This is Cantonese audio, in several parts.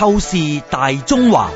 透視大中華。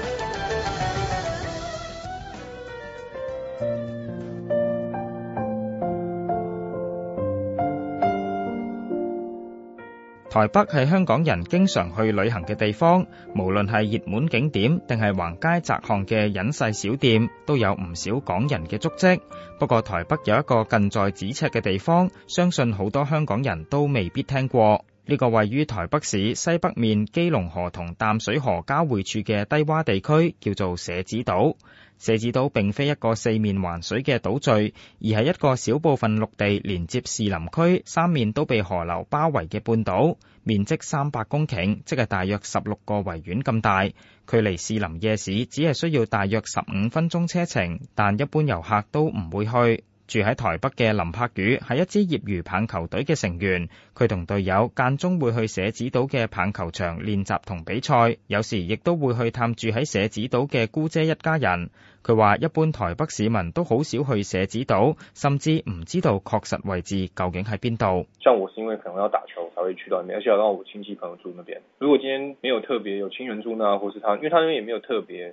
台北係香港人經常去旅行嘅地方，無論係熱門景點定係橫街窄巷嘅隱世小店，都有唔少港人嘅足跡。不過台北有一個近在咫尺嘅地方，相信好多香港人都未必聽過。呢個位於台北市西北面基隆河同淡水河交匯處嘅低窪地區，叫做社子島。社子島並非一個四面環水嘅島嶼，而係一個小部分陸地連接士林區，三面都被河流包圍嘅半島，面積三百公頃，即係大約十六個維園咁大。距離士林夜市只係需要大約十五分鐘車程，但一般遊客都唔會去。住喺台北嘅林柏宇係一支業餘棒球隊嘅成員，佢同隊友間中會去社子島嘅棒球場練習同比賽，有時亦都會去探住喺社子島嘅姑姐一家人。佢話一般台北市民都好少去社子島，甚至唔知道確實位置究竟喺邊度？像我是因為可能要打球才會去到那邊，而且到我親戚朋友住那邊。如果今天沒有特別有親人住呢，或是他，因為他那邊也沒有特別。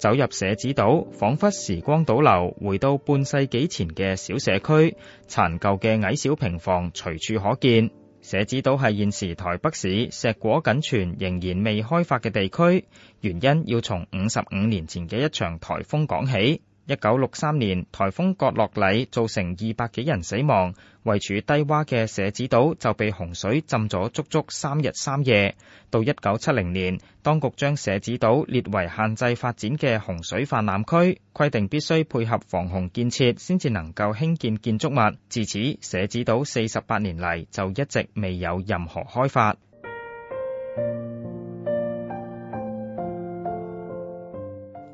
走入社子島，彷彿時光倒流，回到半世紀前嘅小社區。殘舊嘅矮小平房隨處可見。社子島係現時台北市碩果僅存仍然未開發嘅地區。原因要從五十五年前嘅一場颱風講起。一九六三年颱風葛樂禮造成二百幾人死亡，位處低窪嘅社子島就被洪水浸咗足足三日三夜。到一九七零年，當局將社子島列為限制發展嘅洪水泛濫區，規定必須配合防洪建設先至能夠興建建築物。自此，社子島四十八年嚟就一直未有任何開發。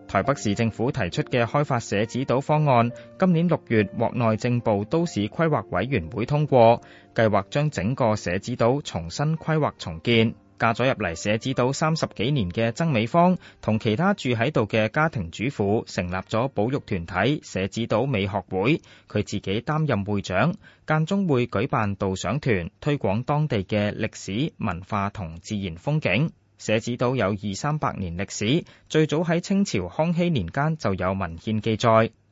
台北市政府提出嘅開發社子島方案，今年六月獲內政部都市規劃委員會通過，計劃將整個社子島重新規劃重建。嫁咗入嚟社子島三十幾年嘅曾美芳，同其他住喺度嘅家庭主婦，成立咗保育團體社子島美學會，佢自己擔任會長，間中會舉辦導賞團，推廣當地嘅歷史文化同自然風景。社子島有二三百年歷史，最早喺清朝康熙年間就有文獻記載。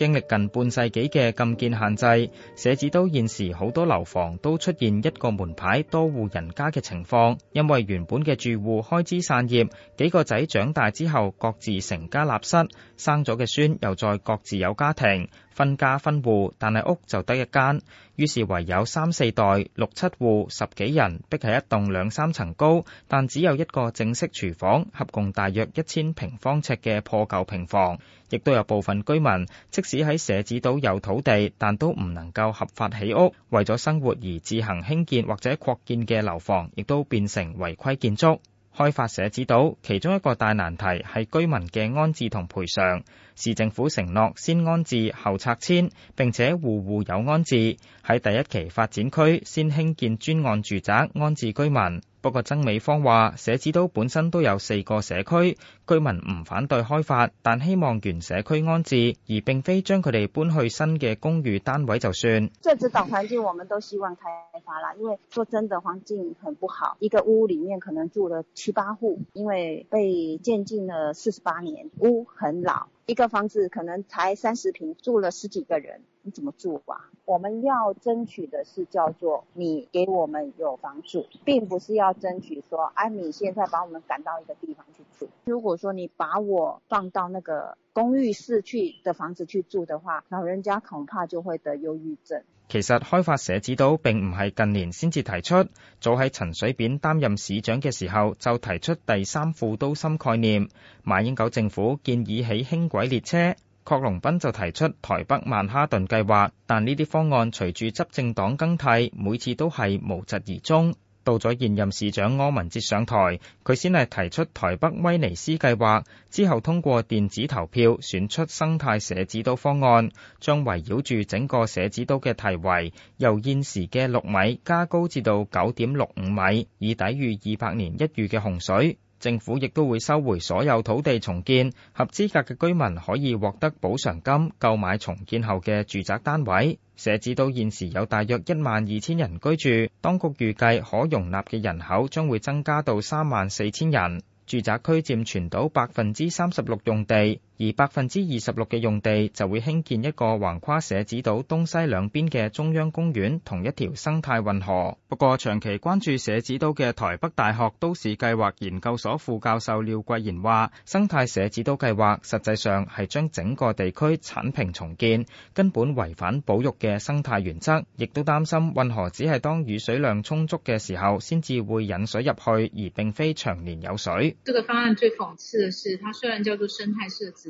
經歷近半世紀嘅禁建限制，社子島現時好多樓房都出現一個門牌多戶人家嘅情況，因為原本嘅住戶開枝散葉，幾個仔長大之後各自成家立室，生咗嘅孫又再各自有家庭。分家分戶，但係屋就得一間，於是唯有三四代、六七戶、十幾人，逼喺一棟兩三層高，但只有一個正式廚房，合共大約一千平方尺嘅破舊平房，亦都有部分居民，即使喺社子島有土地，但都唔能夠合法起屋，為咗生活而自行興建或者擴建嘅樓房，亦都變成違規建築。開發社子島，其中一個大難題係居民嘅安置同賠償。市政府承諾先安置後拆遷，並且戶戶有安置。喺第一期發展區先興建專案住宅安置居民。不過曾美芳話，社子島本身都有四個社區，居民唔反對開發，但希望原社區安置，而並非將佢哋搬去新嘅公寓單位就算。社子島環境我們都希望開發啦，因為說真的，環境很不好。一個屋裡面可能住了七八戶，因為被禁建了四十八年，屋很老，一個房子可能才三十坪，住了十幾個人。怎麼住法？我們要爭取的是叫做你給我們有房住，並不是要爭取說，哎，你現在把我們趕到一個地方去住。如果說你把我放到那個公寓室去的房子去住的話，老人家恐怕就會得憂鬱症。其實，開發社子島並唔係近年先至提出，早喺陳水扁擔任市長嘅時候就提出第三副都心概念。馬英九政府建議起輕軌列車。郝龍斌就提出台北曼哈頓計劃，但呢啲方案隨住執政黨更替，每次都係無疾而終。到咗現任市長柯文哲上台，佢先係提出台北威尼斯計劃，之後通過電子投票選出生態社子島方案，將圍繞住整個社子島嘅堤圍，由現時嘅六米加高至到九點六五米，以抵禦二百年一遇嘅洪水。政府亦都會收回所有土地重建，合資格嘅居民可以獲得補償金，購買重建後嘅住宅單位。社子島現時有大約一萬二千人居住，當局預計可容納嘅人口將會增加到三萬四千人。住宅區佔全島百分之三十六用地。而百分之二十六嘅用地就會興建一個橫跨社子島東西兩邊嘅中央公園同一條生態運河。不過長期關注社子島嘅台北大學都市計劃研究所副教授廖桂賢話，生態社子島計劃實際上係將整個地區鏟平重建，根本違反保育嘅生態原則，亦都擔心運河只係當雨水量充足嘅時候先至會引水入去，而並非長年有水。這個方案最諷刺嘅是，它雖然叫做生態設置。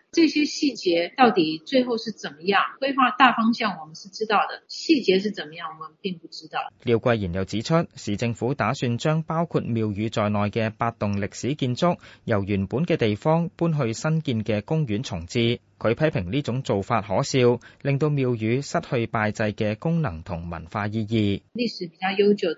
這些細節到底最後是怎麼樣？規劃大方向我們是知道的，細節是怎麼樣，我們並不知道。廖桂賢又指出，市政府打算將包括廟宇在內嘅八棟歷史建築，由原本嘅地方搬去新建嘅公園重置。佢批評呢種做法可笑，令到廟宇失去拜祭嘅功能同文化意義。歷史比較悠久的。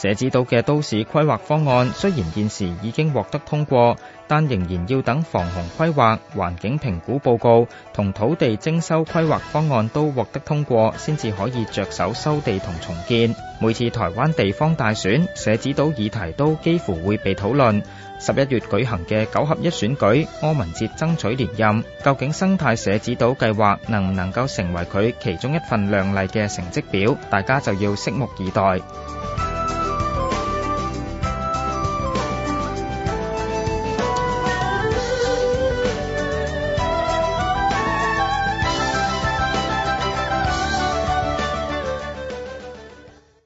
社子島嘅都市規劃方案雖然現時已經獲得通過，但仍然要等防洪規劃、環境評估報告同土地徵收規劃方案都獲得通過，先至可以着手收地同重建。每次台灣地方大選，社子島議題都幾乎會被討論。十一月舉行嘅九合一選舉，柯文哲爭取連任，究竟生態社子島計劃能唔能夠成為佢其中一份亮麗嘅成績表，大家就要拭目以待。